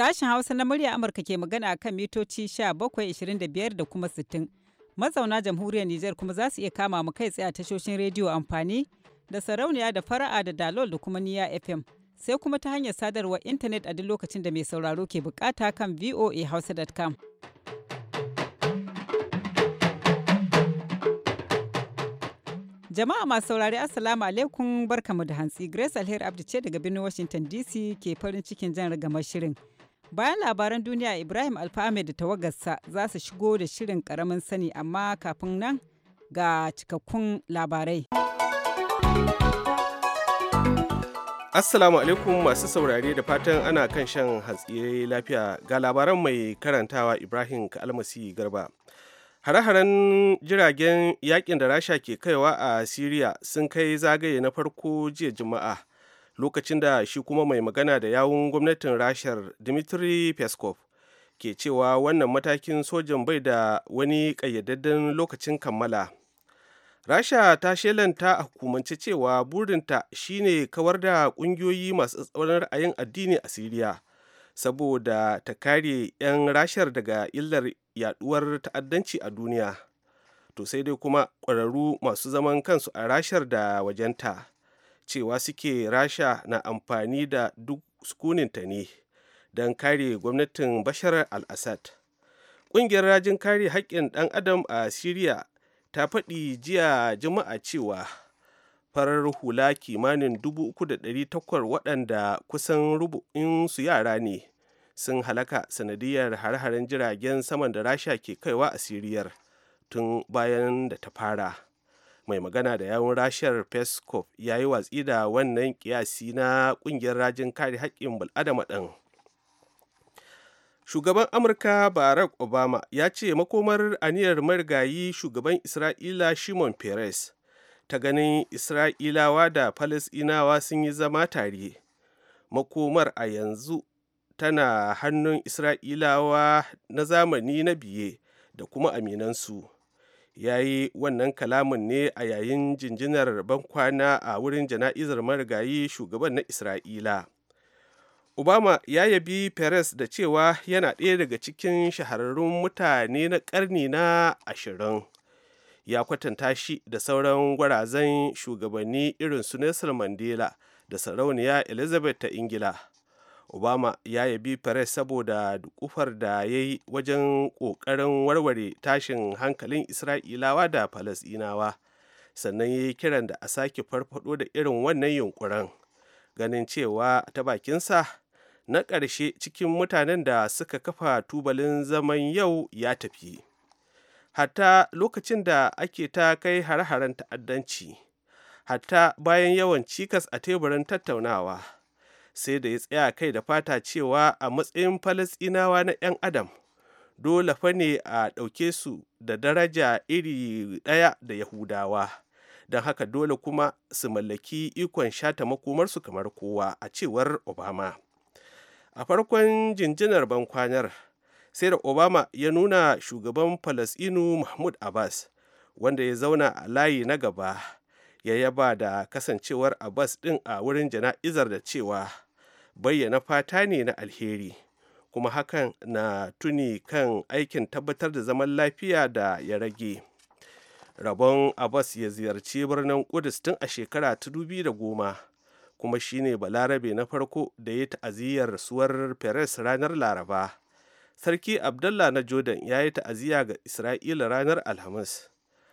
Sashen Hausa na murya Amurka ke magana a kan mitoci 1725 da kuma 60. Mazauna jamhuriyar Nijar kuma za su iya kama mu kai tsaye a tashoshin rediyo amfani da sarauniya da fara'a da dalol da kuma niya FM. Sai kuma ta hanyar sadarwar intanet a duk lokacin da mai sauraro ke bukata kan voahausa.com. Jama'a masu saurari Assalamu alaikum barkamu da hantsi Grace Alheri Abdi ce daga birnin Washington DC ke farin cikin jan ragamar shirin. Bayan labaran duniya Ibrahim Alfahmed da tawagarsa za su shigo da shirin karamin sani amma kafin nan ga cikakkun labarai. Assalamu alaikum masu saurare da fatan ana kan shan hatsiye lafiya ga labaran mai karantawa Ibrahim Kalmasi Garba. Hare-haren jiragen yakin da Rasha ke kaiwa a Siriya sun kai zagaye na farko jiya Juma'a. lokacin da shi kuma mai magana da yawun gwamnatin rashar dimitri peskov ke cewa wannan matakin sojan bai da wani ƙayyadadden lokacin kammala rasha ta shelanta a hukumance cewa burinta shine kawar da ƙungiyoyi masu tsauran ra'ayin addini a siriya saboda ta kare 'yan rashar daga illar yaduwar ta'addanci a duniya to sai dai kuma ƙwararru masu zaman kansu a rashar da wajenta cewa suke rasha na amfani da duk sukuninta ne don kare gwamnatin bashar al-assad ƙungiyar rajin kare haƙƙin ɗan adam a syria ta faɗi jiya juma'a cewa farar hula kimanin 3,800 waɗanda kusan rubu'in su yara ne sun halaka sanadiyar har-haren jiragen saman da rasha ke kaiwa a siriyar tun bayan da ta fara mai magana da yawun rashiyar peskov ya yi watsi da wannan kiyasi na kungiyar rajin kare haƙƙin bul'adama ɗin shugaban amurka barack obama ya ce makomar aniyar marigayi shugaban isra'ila shimon peres ta ganin isra'ilawa da falasinawa sun yi zama tare makomar a yanzu tana hannun isra'ilawa na zamani na biye da kuma aminansu ya yi wannan kalamin ne a yayin jinjinar bankwana a wurin jana'izar marigayi shugaban na isra'ila obama ya yabi perez da cewa yana ɗaya daga cikin shahararrun mutane na ƙarni na ashirin ya kwatanta shi da sauran gwarazan shugabanni irin su nelson mandela da sarauniya elizabeth ta ingila obama ya yabi perez saboda kufar da ya yi wajen ƙoƙarin warware tashin hankalin isra'ilawa da falasɗinawa sannan ya yi kiran da a sake farfado da irin wannan yunkurin ganin cewa ta bakinsa na ƙarshe cikin mutanen da suka kafa tubalin zaman yau ya tafi hatta lokacin da ake ta kai hare-haren ta'addanci hatta bayan yawan cikas a teburin tattaunawa sai da ya tsaya kai da fata cewa a matsayin falasɗinawa na 'yan adam dole fa ne a ɗauke su da daraja iri ɗaya da yahudawa don haka dole kuma su mallaki ikon shata makomarsu kamar kowa a cewar obama a farkon jinjinar bankwanar sai da obama ya nuna shugaban falasɗinu mahmud abbas wanda ya zauna a layi na gaba ya yaba da kasancewar abbas din a wurin jana'izar da cewa bayyana fata ne na alheri kuma hakan na tuni kan aikin tabbatar da zaman lafiya da ya rage rabon abbas ya ziyarci birnin kudus tun a shekara ta goma kuma shine balarabe na farko da ya ta'aziyyar suwar peres ranar laraba sarki abdullah na jordan ya yi ta'aziyya ga isra'ila ranar alhamis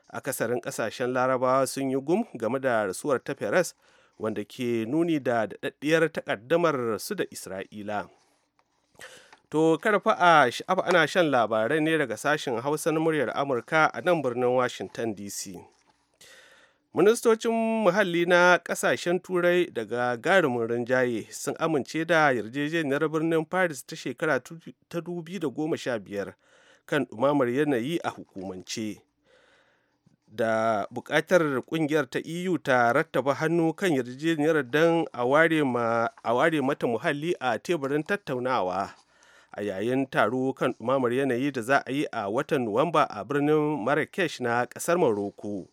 akasarin kasashen larabawa sun yi gum game da rasuwar ta peres wanda ke nuni da daɗaɗɗiyar takaddamar su da isra'ila to karfa a sha'afa ana shan labarai ne daga sashen hausa na muryar amurka a nan birnin washington dc ministocin muhalli na kasashen turai daga garumin rinjaye sun amince da yarjejeniyar birnin paris ta shekara ta biyar, kan ɗumamar yanayi a hukumance da buƙatar ƙungiyar ta eu ta rattaba hannu kan yarjejeniyar don a ware mata muhalli a teburin tattaunawa a yayin taro kan dumamar yanayi da za a yi a watan nuwamba a birnin marrakesh na ƙasar maroko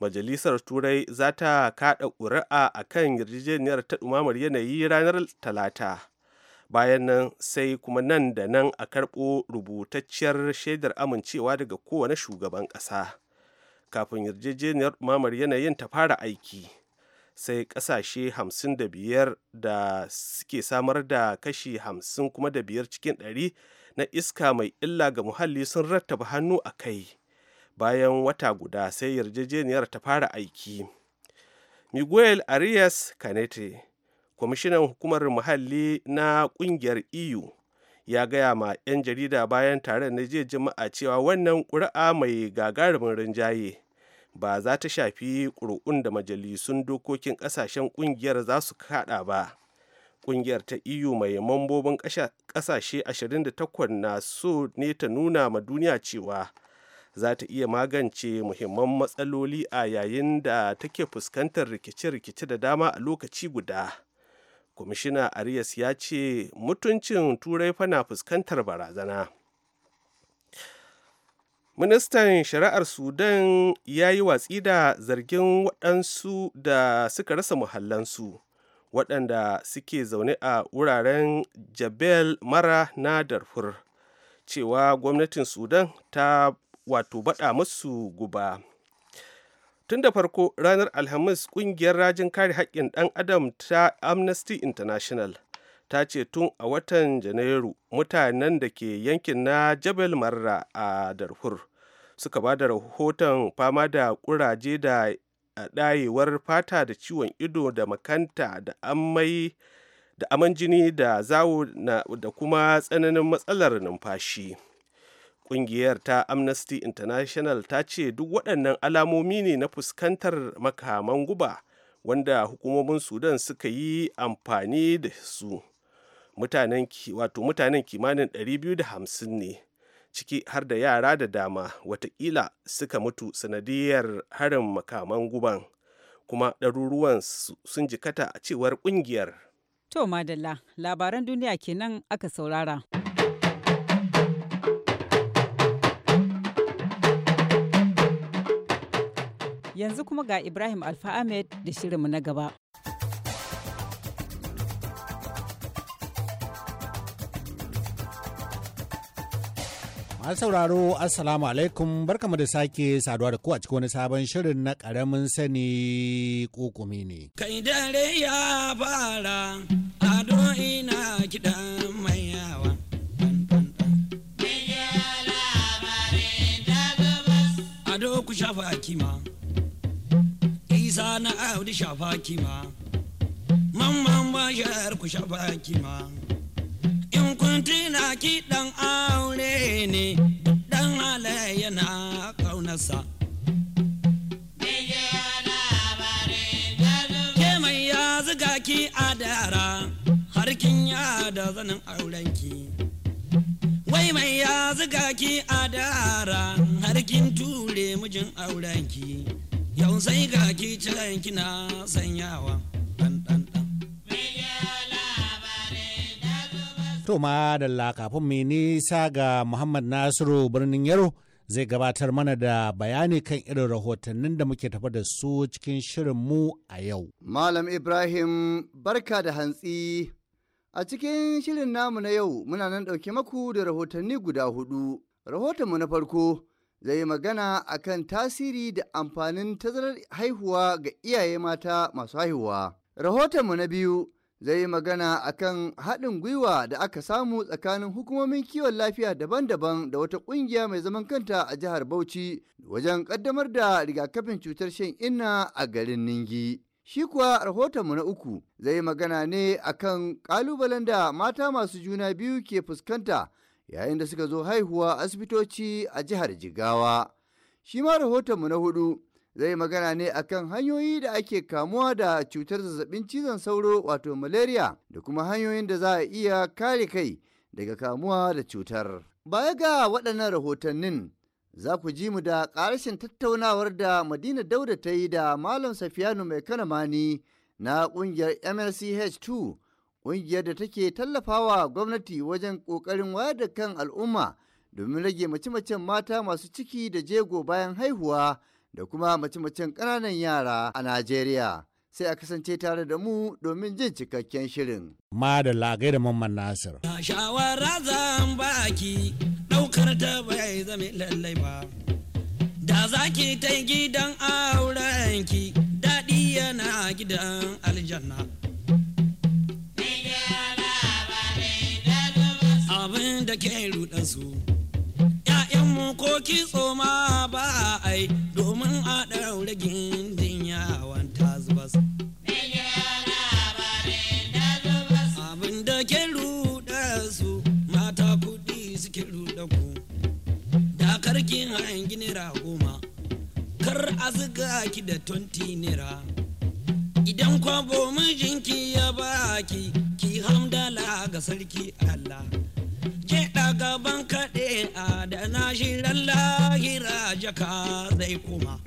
majalisar turai za ta kaɗa ƙuri'a a kan yarjejeniyar ta ɗumamar yanayi ranar talata bayan nan sai kuma nan da nan a karɓo rubutacciyar shaidar amincewa daga kowane shugaban ƙasa kafin yarjejeniyar mamar yanayin ta fara aiki sai kasashe 55 da suke samar da kashi 50 kuma da biyar cikin 100 na iska mai illa ga muhalli sun rattaba hannu a kai bayan wata guda sai yarjejeniyar ta fara aiki miguel arias canete kwamishinan hukumar muhalli na kungiyar eu ya gaya ma 'yan jarida bayan taron na jiya juma'a cewa wannan ƙuri'a mai gagarumin rinjaye ba za ta shafi ƙuri'un da majalisun dokokin ƙasashen ƙungiyar za su kaɗa ba ƙungiyar ta eu mai mambobin ƙasashe 28 na so ne ta nuna ma duniya cewa za ta iya magance muhimman matsaloli a yayin da take fuskantar rikice-rikice da dama a lokaci guda. kwamishina arias ya ce mutuncin turai fana fuskantar barazana ministan shari'ar sudan ya yi watsi da zargin waɗansu da suka rasa muhallansu waɗanda suke zaune a wuraren jabel mara na darfur cewa gwamnatin sudan ta wato baɗa masu guba tun da farko ranar alhamis kungiyar rajin kare haƙƙin ɗan adam ta amnesty international ta ce tun a watan janairu mutanen da ke yankin na jabal marra a darfur suka ba da rahoton fama da kuraje da ɗayewar fata da ciwon ido da makanta da amai da aman jini da zawo da kuma tsananin matsalar numfashi. Ƙungiyar ta Amnesty International ta ce duk waɗannan alamomi ne na fuskantar makaman guba wanda hukumomin Sudan suka yi amfani da su. Mutanen wato mutanen kimanin 250 ne, ciki har da yara da dama watakila suka mutu sanadiyar harin makaman guban, kuma ɗaruruwan sun jikata a cewar ƙungiyar. To Madalla, labaran duniya kenan aka saurara. Yanzu kuma ga Ibrahim Alfa Ahmed da shirinmu na gaba. Masu sauraro Assalamu alaikum barkamu da sake saduwa da ku a cikin wani sabon shirin na ƙaramin sani kokumi ne. Kai dare ya fara ado ina kiɗan mai yawa. Ado ku shafa kima. isa na audi shafa kima mamman bashar ku shafa kima in kun kiɗan ki dan aure ne dan halaye na kaunarsa zuga ki a dara harkin ya da aurenki wai mai ya zuga ki a dara harkin ture mijin aurenki yau sai ga kina sanyawa To ma da kafin mai nisa ga Muhammad Nasiru birnin Yaro zai gabatar mana da bayani kan irin rahotannin da muke tafa da su cikin shirin mu a yau. Malam Ibrahim barka da hantsi. A cikin shirin namu na yau muna nan ɗauke maku da rahotanni guda hudu. Rahotonmu na farko zai yi magana a kan tasiri da amfanin tazarar haihuwa ga iyaye mata masu haihuwa. Rahotonmu na biyu zai yi magana a kan haɗin gwiwa da aka samu tsakanin hukumomin kiwon lafiya daban-daban da wata ƙungiya mai zaman kanta a jihar Bauchi wajen ƙaddamar da rigakafin cutar shan inna a garin Ningi. Shi kuwa rahotonmu na uku zai yi magana ne akan ƙalubalen da mata masu juna biyu ke fuskanta yayin da suka zo haihuwa asibitoci a jihar Jigawa. Shi ma rahotonmu na hudu zai magana ne akan hanyoyi da ake kamuwa da cutar zazzabin cizon sauro wato malaria da kuma hanyoyin da za a iya kare kai daga kamuwa da cutar. Baya ga waɗannan rahotannin za ku ji mu da ƙarashin tattaunawar da Madina Dauda ta yi da Malam Safiyanu Mai Kanamani na ƙungiyar MLCH2 ƙungiyar da take tallafawa gwamnati wajen ƙoƙarin wayar da kan al'umma domin rage mace-macen mata masu ciki da jego bayan haihuwa da kuma mace-macen ƙananan yara a Najeriya. Sai a kasance tare da mu domin jin cikakken shirin. Ma da lagai da Mamman Nasir. Shawara zan baki ɗaukar ta bai zame lallai ba. Da za ki ta gidan aurenki daɗi yana gidan aljanna. ke ruɗa su mu ko kitso ma ba ai domin a ɗaure gindin yawan ta zuba su abin da ke ruɗa su mata kuɗi suke ruɗa ku da karkin hangi naira goma kar a zuga ki da 20 naira idan kwabo mijinki ya baki ki hamdala ga sarki Allah kiɗa gaban kaɗe a da na shi lallahira jaka zai kuma.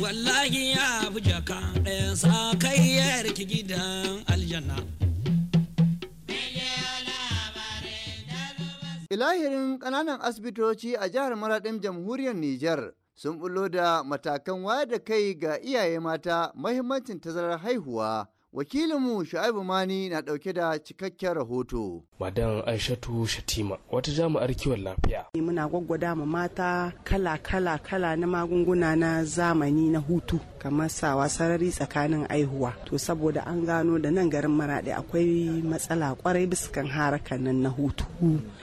Wallahi ya fi jaka ɗaya sa kai ya gidan aljanna. Ilahirin ƙananan asibitoci a jihar Maraɗin Jamhuriyar Nijar sun bullo da matakan wayar da kai ga iyaye mata mahimmancin tazarar haihuwa. Wakilinmu Shu'aibu Mani na dauke da cikakken rahoto. Madan Aishatu Shatima wata jami'ar kiwon lafiya. Muna gwaggwada mu mata kala-kala kala na magunguna na zamani na hutu kamar sawa sarari tsakanin aihuwa. To saboda an gano da nan garin maraɗi akwai matsala kwarai biskan harakan nan na hutu.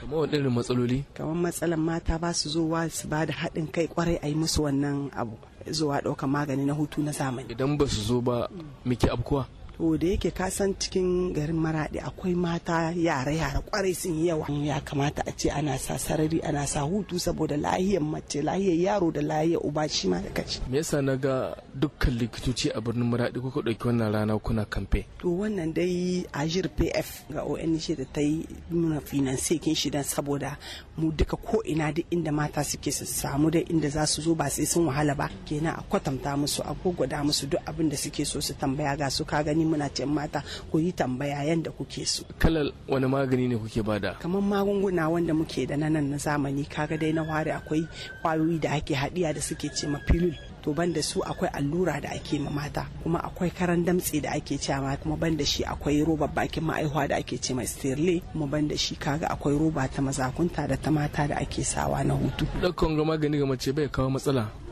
Kamar waɗannan matsaloli? Kamar matsalan mata ba su wa su ba da haɗin kai kwarai a yi musu wannan abu. Zuwa ɗaukar magani na hutu na zamani. Idan ba su zo ba muke abkuwa? to da yake ka san cikin garin Maraɗi, akwai mata yara yara kwarai sun yi yawa ya kamata a ce ana sa sarari ana sa hutu saboda lahiyar mace lahiyar yaro da lahiyar uba shi ma da kaci me yasa na ga dukkan likitoci a birnin maradi kuka dauki wannan rana kuna kamfe to wannan dai ajir pf ga onc da ta yi nuna finance kin shi dan saboda mu duka ko ina duk inda mata suke su samu da inda za su zo ba sai sun wahala ba kenan a kwatanta musu a gwagwada musu duk abin da suke so su tambaya ga su ka gani muna ce mata ku yi tambaya yanda kuke so kalal wani magani ne kuke bada kamar magunguna wanda muke da na nan na zamani kaga dai na ware akwai kwayoyi da ake haɗiya da suke ce ma pilul to ban da su akwai allura da ake ma mata kuma akwai karan damtse da ake ce ma kuma ban da shi akwai roba bakin ma'aihuwa da ake ce ma sterile kuma ban da shi kaga akwai roba ta mazakunta da ta mata da ake sawa na hutu dakon ga magani ga mace bai kawo matsala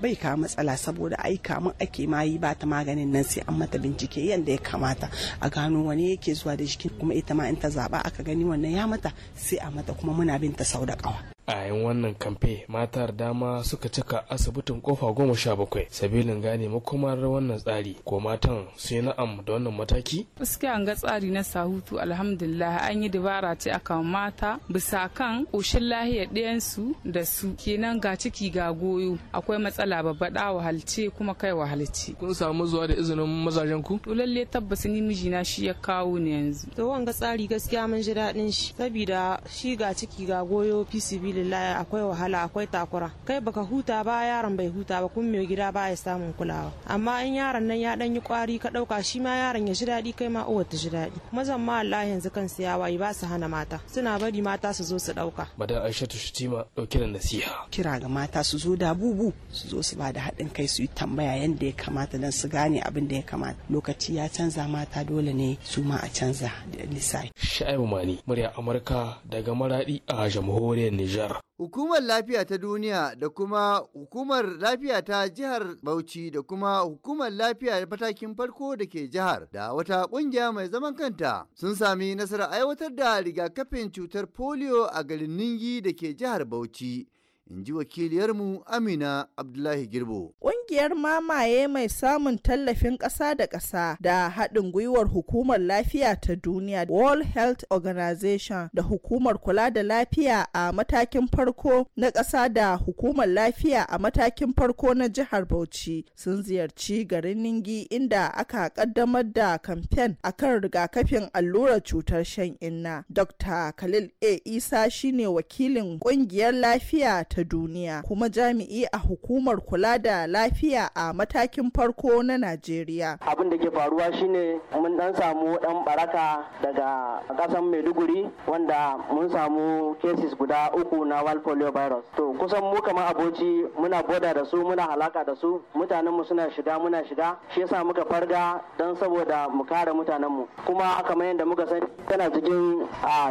bai ka matsala saboda ai kamun ake ma yi ba ta maganin nan sai an mata bincike yadda ya kamata a gano wani yake zuwa da jikin kuma ita ma in ta zaba aka gani wannan ya mata sai a mata kuma muna binta sau da kawa a yayin wannan kamfe matar dama suka cika asibitin kofa goma sha bakwai sabilin gane makomar wannan tsari ko matan su yi na'am da wannan mataki gaskiya ga tsari na sahutu alhamdulillah an yi dabara ce akan mata bisa kan ƙoshin lahiyar ɗayansu da su kenan ga ciki ga goyo akwai matsala babba da wahalce kuma kai wahalce kun samu zuwa da izinin mazajen ku to lalle tabbas ni mijina shi ya kawo ni yanzu to wanga tsari gaskiya mun ji daɗin shi saboda shi ga ciki ga goyo fi alhamdulillah akwai wahala akwai takura kai baka huta ba yaron bai huta ba kun mai gida ba ya samun kulawa amma in yaron nan ya dan yi kwari ka dauka shi ma yaron ya ji daɗi kai ma uwar ta ji daɗi mazan ma Allah yanzu kan siya wayi ba su hana mata suna bari mata su zo su dauka ta Aishatu Shitima dauki da nasiha kira ga mata su zo da bubu su zo su ba da haɗin kai su yi tambaya yanda ya kamata dan su gane abin da ya kamata lokaci ya canza mata dole ne su ma a canza lissafi Sha'ibu Mani murya Amurka daga Maradi a jamhuriyar Nijar Hukumar lafiya ta duniya da kuma hukumar lafiya ta jihar Bauchi da kuma hukumar lafiya matakin farko da ke jihar da wata kungiya mai zaman kanta sun sami nasarar aiwatar da rigakafin cutar polio a garin Ningi da ke jihar Bauchi. in ji wakiliyarmu Amina Abdullahi Girbo. Ƙungiyar mamaye mai samun tallafin ƙasa da ƙasa da haɗin gwiwar hukumar lafiya ta duniya World Health Organization da hukumar kula da lafiya a matakin farko na ƙasa da hukumar lafiya a matakin farko na jihar Bauchi sun ziyarci garin Ningi inda aka ƙaddamar da kamfen akan rigakafin allurar cutar shan inna. Dr. Khalil A. Isa shine wakilin ƙungiyar lafiya ta ta duniya kuma jami'i a hukumar kula da lafiya a matakin farko na Najeriya. Abin da ke faruwa shine mun dan samu dan baraka daga kasan Maiduguri wanda mun samu cases guda uku na wild polio virus. To kusan mu kamar aboci muna boda da su muna halaka da su mutanen mu suna shiga muna shiga shi yasa muka farga dan saboda mu kare mutanen mu kuma kamar yadda muka sani tana cikin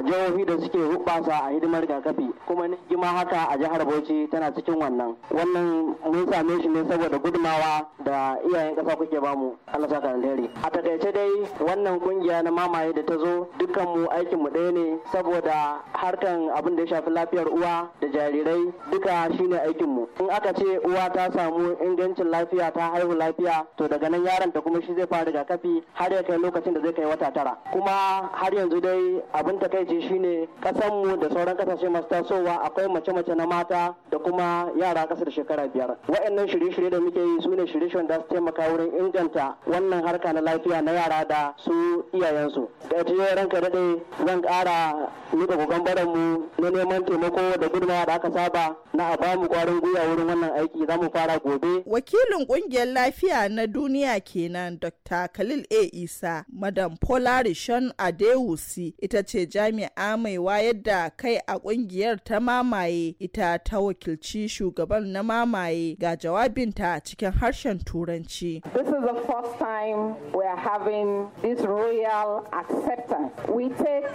jihohi da suke huɓasa a hidimar rigakafi kuma ni haka a jihar Bauchi bauchi tana cikin wannan wannan mun same shi ne saboda gudumawa da iyayen kasa kuke bamu allah saka alheri a takaice dai wannan kungiya na mamaye da ta zo dukkan mu aikin mu ɗaya ne saboda harkan abin da ya shafi lafiyar uwa da jarirai duka shine aikin mu in aka ce uwa ta samu ingancin lafiya ta haihu lafiya to daga nan yaron ta kuma shi zai fara kafi har ya kai lokacin da zai kai wata tara kuma har yanzu dai abin takaici shine kasan mu da sauran ƙasashe masu tasowa akwai mace-mace na mata da kuma yara kasa da shekara biyar wa'annan shirye-shirye da muke yi su ne shirye-shiryen da su taimaka wurin inganta wannan harka na lafiya na yara da su iyayensu da jiya ranka daɗe zan ƙara miƙa gogon mu na neman taimako da gudunmawa da aka saba na a bamu ƙwarin gwiwa wurin wannan aiki za mu fara gobe wakilin ƙungiyar lafiya na duniya kenan dr khalil a isa madam paula rishon adewusi ita ce jami'a mai wayar da kai a ƙungiyar ta mamaye ita ta ta wakilci shugaban na mamaye ga jawabinta a cikin harshen Turanci. This is the first time we are having this royal acceptance. We take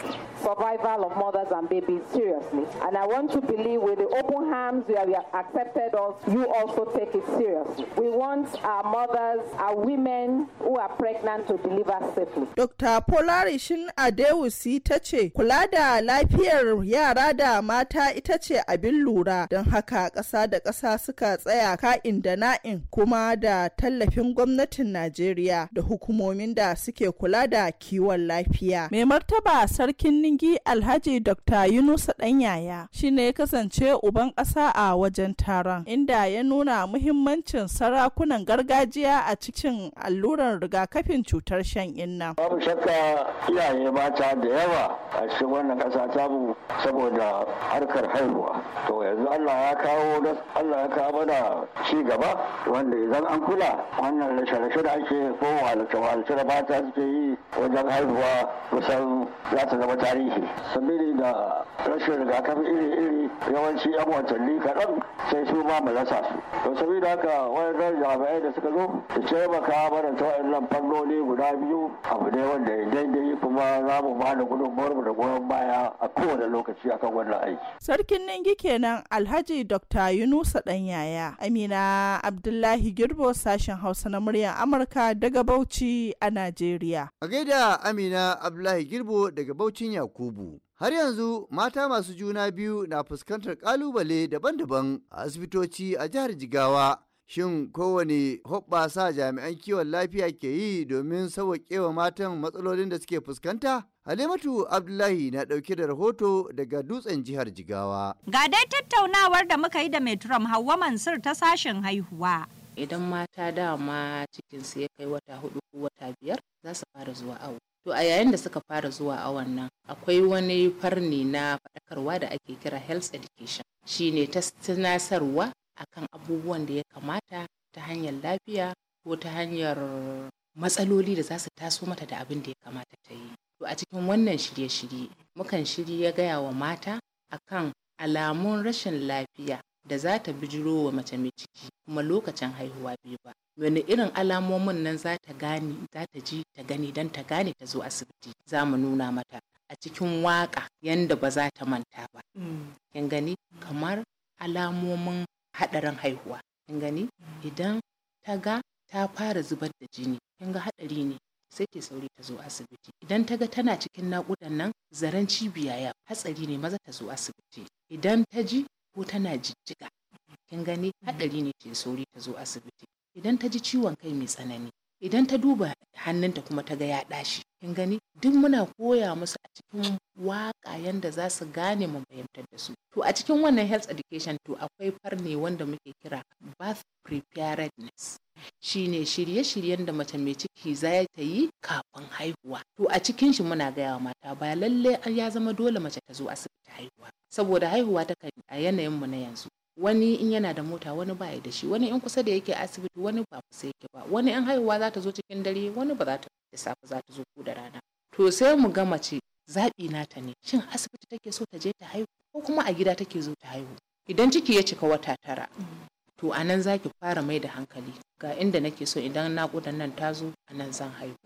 survival of mothers and babies seriously. And I want to believe with the open hands you have accepted us, you also take it seriously. We want our mothers, our women who are pregnant to deliver safely. Dr. Polarishin Adewusi ta ce, kula da lafiyar yara da mata ita ce abin lura Don haka ƙasa da ƙasa suka tsaya ka'in da na'in kuma da tallafin gwamnatin Najeriya da hukumomin da suke kula da kiwon lafiya. Mai martaba sarkin Ningi Alhaji Dr. Yunusa Ɗanyaya yaya shine ya kasance uban ƙasa a wajen taron inda ya nuna muhimmancin sarakunan gargajiya a cikin allurar rigakafin cutar shan inna. Babu shakka iyaye mata da yawa a cikin wannan ƙasa saboda harkar haihuwa. To yanzu Allah ya kawo Allah ya kawo mana ci gaba wanda idan an kula wannan rashe-rashe da ake ko wahalce da mata suke yi wajen haihuwa kusan za ta zama tarihi sabili da rashin rigakafi iri-iri yawanci yan watanni kaɗan sai su ma malasa su to sabida haka wayannan jami'ai da suka zo su ka mana ta wa'annan fannoni guda biyu abu ne wanda daidai kuma za mu ba da gudunmuwar mu da goyon baya a kowane lokaci akan wannan aiki sarkin ningi kenan Alhaji Dr. Yunusa Danyaya. Amina Abdullahi Girbo sashen Hausa na muryar Amurka daga Bauchi a Najeriya. A gaida Amina Abdullahi Girbo daga Baucin Yakubu. Har yanzu mata masu juna biyu na fuskantar ƙalubale daban-daban a asibitoci a jihar Jigawa. Shin kowane hoɓɓasa jami'an kiwon lafiya ke yi domin wa matan matsalolin da suke fuskanta? Halimatu Abdullahi na ɗauke da rahoto daga dutsen jihar Jigawa. Ga dai tattaunawar da muka yi da Metrom Hauwa Mansur ta sashen haihuwa. Idan mata dama cikinsu ya kai wata hudu ko wata biyar za su fara zuwa awo. To a yayin da suka fara zuwa awon nan akwai wani farni na faɗakarwa da ake kira health education shine ta sanarwa akan abubuwan da ya kamata ta hanyar lafiya ko ta hanyar matsaloli da za su taso mata da abin da ya kamata ta yi to a cikin wannan shirye-shirye mukan ya gaya wa mata akan alamun rashin lafiya da za ta bijiro wa mace mai ciki kuma lokacin haihuwa biyu ba wani irin alamomin nan za ta gane za ta ji ta gani don ta gane ta zo asibiti za mu nuna mata a cikin waka yanda ba za ta manta ba mm. kin mm. kamar alamomin haɗarin haihuwa kin gani idan ta ga ta fara zubar da jini kin ga haɗari ne sai ke sauri ta zo asibiti idan ta ga tana cikin naƙudan nan zaren cibiya ya hatsari ne maza ta zo asibiti idan ta ji ko tana jijjiga kin gani haɗari ne ke sauri ta zo asibiti idan ta ji ciwon kai mai tsanani idan ta duba hannunta kuma ta ga ya ɗashi kin gani duk muna koya musu a cikin waka yanda za su gane mu fahimtar da su to a cikin wannan health education to akwai farne wanda muke kira birth preparedness shine shirye-shiryen da mace mai ciki za ta yi kafin haihuwa to a cikin shi muna gaya wa mata ba lalle ya zama dole mace ta zo asibiti haihuwa saboda haihuwa ta a yanayin mu na yanzu wani in yana da mota wani ba da shi wani in kusa da yake asibiti wani ba kusa yake ba wani in haihuwa za ta zo cikin dare wani ba za ta da safe za ta zo ko da rana to sai mu ga mace zaɓi nata ne shin asibiti take so ta je ta haihu ko kuma a gida take zo ta haihu idan ciki ya cika wata tara to a nan za ki fara mai da hankali ga inda nake so idan naƙudan nan ta zo a nan zan haihu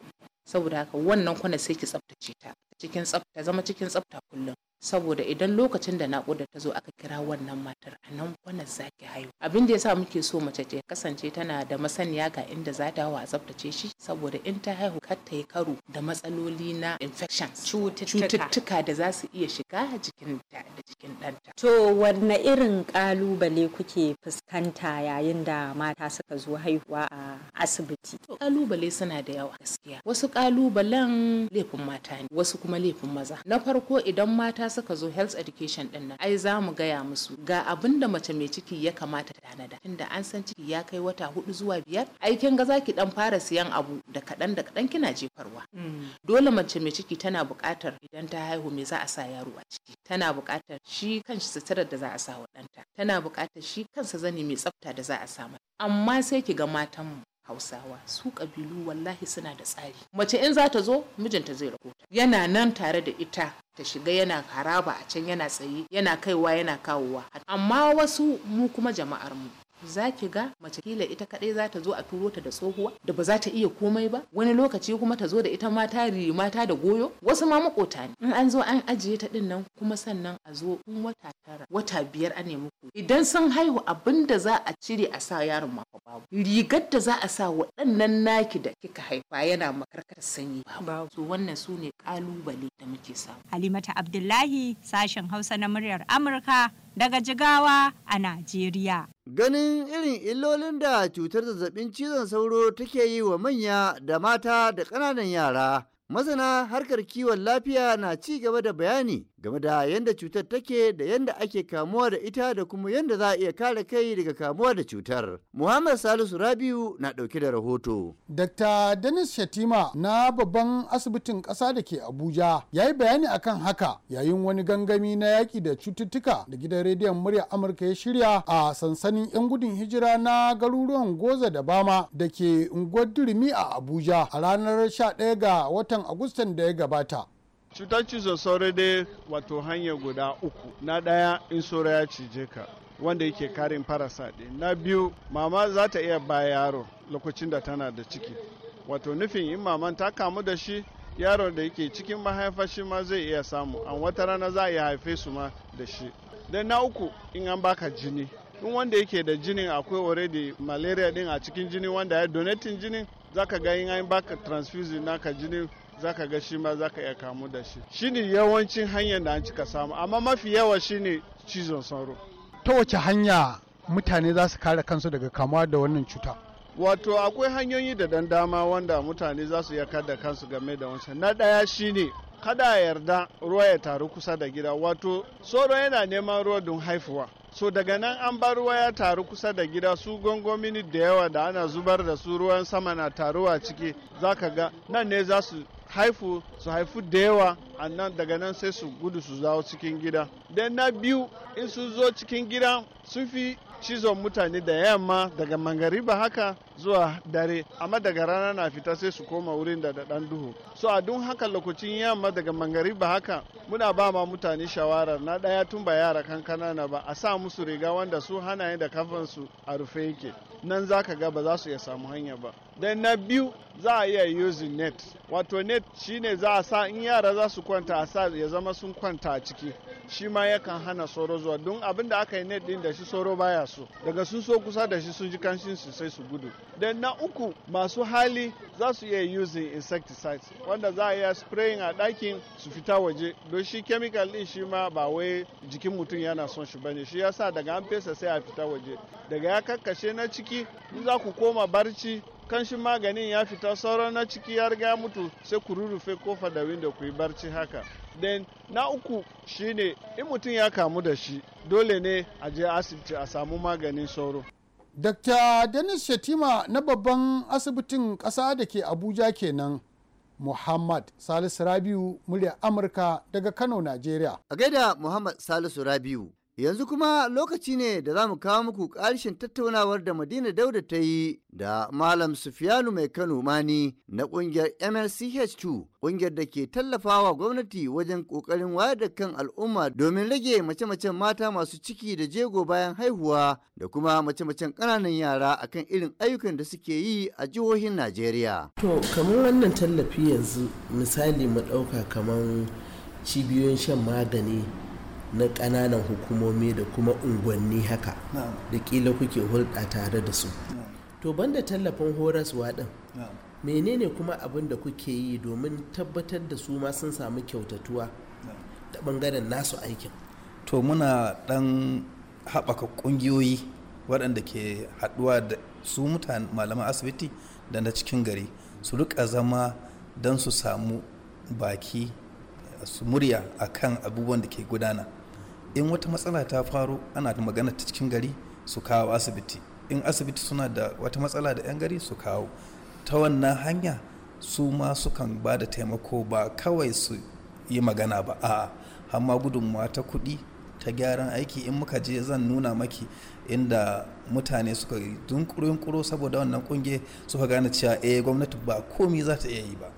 saboda haka wannan kwana sai ki tsaftace ta cikin tsafta zama cikin tsafta kullum saboda idan lokacin da naƙuda ta zo aka kira wannan matar a nan kwana zaki haihu abin da ya sa muke so mace ta kasance tana da masaniya ga inda za ta hawa a tsaftace shi saboda in ta haihu kar ta yi karo da matsaloli na infections cututtuka da za su iya shiga jikin da jikin ɗanta. To wanne irin ƙalubale kuke fuskanta yayin da mata suka zo haihuwa a asibiti? To ƙalubale suna da yawa gaskiya wasu ƙalubalen laifin mata ne wasu kuma laifin maza na farko idan mata mata suka zo health education din nan ai za mu gaya musu ga abin da mace mai ciki ya kamata ta tanada tunda an san ciki ya kai wata hudu zuwa biyar ai kin ga zaki dan fara siyan abu da kadan da kadan kina jefarwa mm. dole mace mai ciki tana buƙatar idan ta haihu me za a sa yaro a ciki tana buƙatar shi kanshi suturar da za a sa wa ɗanta tana buƙatar shi kansa zani mai tsafta da za a sa mata amma sai ki ga matanmu hausawa su kabilu wallahi suna da tsari mace in za ta zo mijinta zai rahota yana nan tare da ita ta shiga yana haraba a can yana tsaye yana kaiwa yana kawowa amma wasu mu kuma jama'ar mu za ki ga mace kila ita kadai za ta zo a turo ta da tsohuwa da ba za ta iya komai ba wani lokaci kuma ta zo da ita mata mata da goyo wasu ma makota ne in an zo an ajiye ta din nan kuma sannan a zo in wata tara wata biyar a nemi ku idan sun haihu abin da za a cire a sa yaron ma babu rigar da za a sa waɗannan naki da kika haifa yana makarkar sanyi babu to wannan su ne kalubale da muke samu halimata abdullahi sashen hausa na muryar amurka daga Jigawa a Najeriya. Ganin irin illolin da cutar zazzabin cizon sauro take yi wa manya da mata da ƙananan yara. Masana harkar kiwon lafiya na ci gaba da bayani game da yadda cutar take da yadda ake kamuwa da ita da kuma yadda za a iya kare kai daga kamuwa da cutar. Muhammad Salisu Rabiu na ɗauke da rahoto. Dr. Dennis Shatima na babban asibitin ƙasa da ke Abuja ya yi bayani akan haka yayin wani gangami na yaƙi da cututtuka da gidan rediyon murya Amurka ya shirya a sansanin 'yan gudun hijira na garuruwan Goza da Bama da ke unguwar Durmi a Abuja a ranar 11 ga wata. watan agustan da ya gabata cutar cizon sauro dai wato hanya guda uku na ɗaya in sauro ya cije ka wanda yake karin farasa ɗin na biyu mama za ta iya ba yaro lokacin da tana da ciki wato nufin in maman ta kamu da shi yaron da yake cikin mahaifa shi ma zai iya samu an wata rana za a iya haife su ma da shi dan na uku in an baka jini in wanda yake da jinin akwai already malaria din a cikin jini wanda ya donatin jini zaka ga in an baka transfusion naka jinin zaka ga shi ma zaka iya kamu da shi shine yawancin hanyar da an cika samu amma mafi yawa shine cizon sauro ta wace hanya mutane za su kare kansu daga kamuwa da wannan cuta wato akwai hanyoyi da dan dama wanda mutane za su iya da kansu game da wancan na ɗaya shine kada yarda ruwa ya taru kusa da gida wato sauro yana neman ruwa don haifuwa so daga nan an bar ruwa ya taru kusa da gida su gongomini da yawa da ana zubar da su ruwan sama na taruwa ciki zaka ga nan ne za su haifu su haifu da yawa a nan daga nan sai su gudu su zawo cikin gida. Dan na biyu in sun zo cikin gida sun fi cizon mutane da yamma daga mangariba haka zuwa dare amma daga rana na fita sai su koma wurin da dan duhu so a don haka lokacin yamma daga mangariba haka muna ba ma mutane shawarar na daya tun ba yara kankana na ba a sa musu riga wanda su hanaye da su a rufe yake nan za ka ga ba za su iya samu hanya ba dan na biyu za a iya using net wato net shine za a sa in yara za su kwanta a sa ya zama sun kwanta a ciki shi ma yakan hana soro zuwa don abin da aka yi net din da shi soro baya so daga sun so kusa da shi sun ji kanshin su sai su gudu da na uku masu hali za su iya using insecticides wanda za a iya spraying a ɗakin su fita waje don shi chemical din shi ma ba wai jikin mutum yana son shi bane shi yasa daga an fesa sai a fita waje daga ya kakkashe na ciki in za ku koma barci kanshin maganin ya fita sauran na ciki ya riga ya mutu sai ku rurrufe kofa da window ku yi barci haka den na uku shine in mutum ya kamu da shi dole ne a je asibiti a samu maganin sauro dr denis shetima na babban asibitin ƙasa da ke abuja kenan muhammad salisu rabiu murya amurka daga kano nigeria a gaida muhammad salisu rabiu Yanzu kuma lokaci ne da za mu kawo muku ƙarshen tattaunawar da Madina Dauda ta yi da Malam Sufiyanu Mai Kano Mani na ƙungiyar MLCH2, ƙungiyar da ke tallafawa gwamnati wajen ƙoƙarin wayar da kan al'umma domin rage mace-macen mata masu ciki da jego bayan haihuwa da kuma mace-macen ƙananan yara akan irin ayyukan da suke yi a jihohin Najeriya. To, kamar wannan tallafi yanzu misali mu ɗauka kamar cibiyoyin shan magani na ƙananan hukumomi da kuma unguwanni haka da ƙila kuke hulɗa tare da su to banda tallafin horaswa ɗin menene kuma abin da kuke yi domin tabbatar da su ma sun samu kyautatuwa ta ɓangaren nasu aikin to muna ɗan haɓaka ƙungiyoyi waɗanda ke haɗuwa da su mutane malaman asibiti da na cikin gari su rika zama don su samu baki su murya a kan abubuwan da ke gudana in wata matsala ta faru ana da magana ta cikin gari su kawo asibiti in asibiti suna da wata matsala da 'yan gari su kawo ta wannan hanya su ma sukan ba da taimako ba kawai su yi magana ba a'a amma gudunmawa ta kuɗi ta gyaran aiki in muka je zan nuna maki inda mutane suka yi dunkuro saboda wannan kunge suka gane cewa eh gwamnati ba komi za ta iya yi ba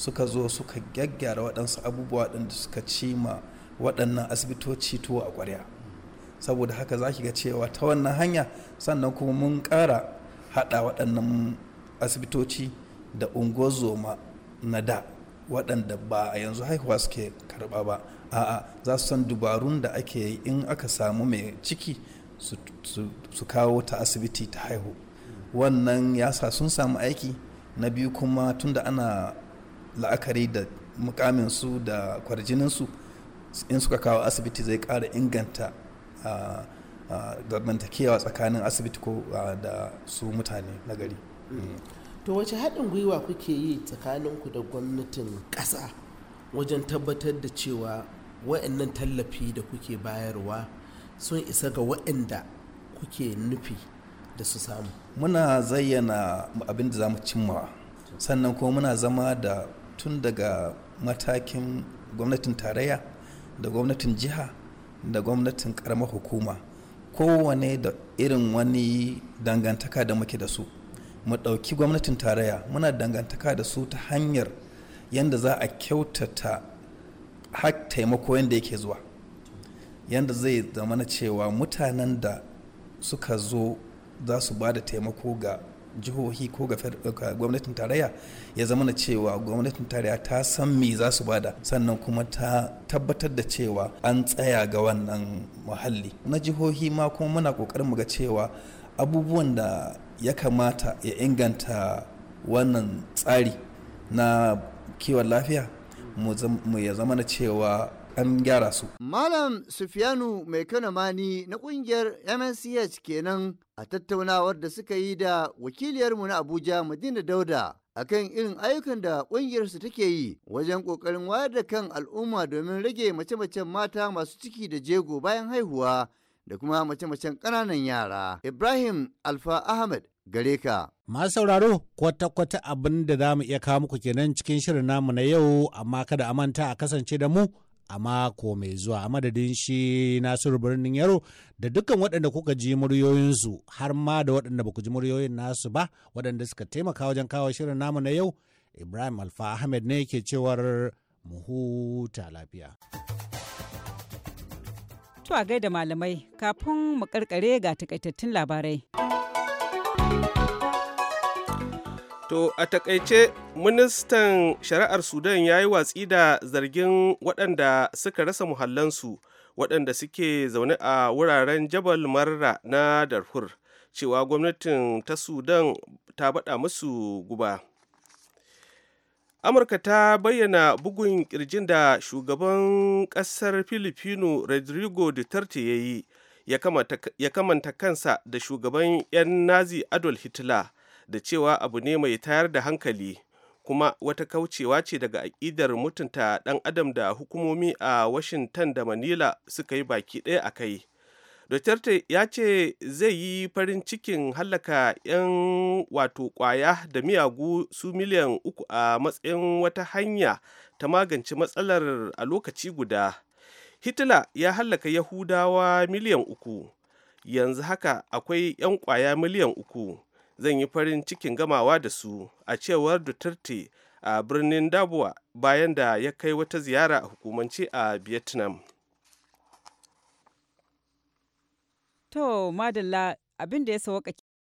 suka zo suka gyaggyara waɗansu abubuwa da suka ci ma waɗannan asibitoci tuwo a ƙwarya saboda haka za ki ga cewa ta wannan hanya sannan kuma mun ƙara haɗa waɗannan asibitoci da ungozoma na da waɗanda ba a yanzu haihuwa suke karɓa ba a'a za su san dubarun da ake yi in aka samu mai ciki su kawo ta asibiti ta haihu wannan ya sa sun samu aiki na biyu kuma tunda ana la'akari da mukaminsu da kwarjininsu in suka kawo asibiti zai ƙara inganta zamantakewa tsakanin asibiti ko da su mutane na gari mm. Mm. to wace haɗin gwiwa kuke yi tsakaninku da gwamnatin ƙasa wajen tabbatar da cewa wa'annan tallafi da kuke bayarwa sun isa ga wa'anda kuke nufi da su samu muna zayyana abin da za mu cimma sannan kuma muna zama da tun daga matakin gwamnatin tarayya da gwamnatin jiha da gwamnatin karamar hukuma kowane da irin wani dangantaka da muke da su mu ɗauki gwamnatin tarayya muna dangantaka da su ta hanyar yadda za a kyautata har taimako yadda yake zuwa yadda zai zama na cewa mutanen da suka zo za su ba da taimako ga jihohi ko ga gwamnatin tarayya ya zama na cewa gwamnatin tarayya ta san me za su bada sannan kuma ta tabbatar da cewa an tsaya ga wannan muhalli na jihohi ma kuma muna kokarin mu ga cewa abubuwan da ya kamata ya inganta wannan tsari na kiwon lafiya mu ya zama na cewa an gyara su. Malam Sufyanu mai kanamani na kungiyar MNCH kenan a tattaunawar da suka yi da wakiliyarmu na Abuja Madina Dauda akan irin ayyukan da ƙungiyarsu take yi wajen ƙoƙarin wayar da kan al'umma domin rage mace-macen mata masu ciki da jego bayan haihuwa da kuma mace-macen ƙananan yara. Ibrahim Alfa Ahmed gare ka. Ma sauraro kwata-kwata abin da za mu iya kawo muku kenan cikin shirin namu na yau amma kada a manta a kasance da mu a mako mai zuwa a madadin shi nasiru birnin yaro da dukkan waɗanda kuka ji muryoyinsu har ma da waɗanda ba ku ji muryoyin nasu ba waɗanda suka taimaka wajen kawo shirin namu na yau ibrahim alfa ahmed ne ke cewar mu huta lafiya. To a gaida malamai kafin mu karkare ga takaitattun labarai. To a takaice ministan shari'ar Sudan ya yi watsi da zargin waɗanda suka rasa muhallansu waɗanda suke zaune a wuraren Jabal Marra na Darfur cewa gwamnatin ta Sudan ta baɗa musu guba. Amurka ta bayyana bugun ƙirjin da shugaban ƙasar Filipino Rodrigo Duterte ya yi ya kamanta kansa da shugaban 'yan Nazi Adolf Hitler. da cewa abu ne mai tayar da hankali kuma wata kaucewa ce daga aƙidar mutunta ɗan adam da hukumomi a washington da manila suka yi baki ɗaya a kai duterte ya ce zai yi farin cikin hallaka 'yan wato kwaya da miyagu su miliyan uku a matsayin wata hanya ta magance matsalar a lokaci guda hitler ya hallaka yahudawa miliyan uku yanzu haka akwai 'yan kwaya miliyan uku zan yi farin cikin gamawa da su a cewar duterte a birnin dabuwa bayan da ya kai wata ziyara a hukumance a vietnam to madalla abin da ya sawaka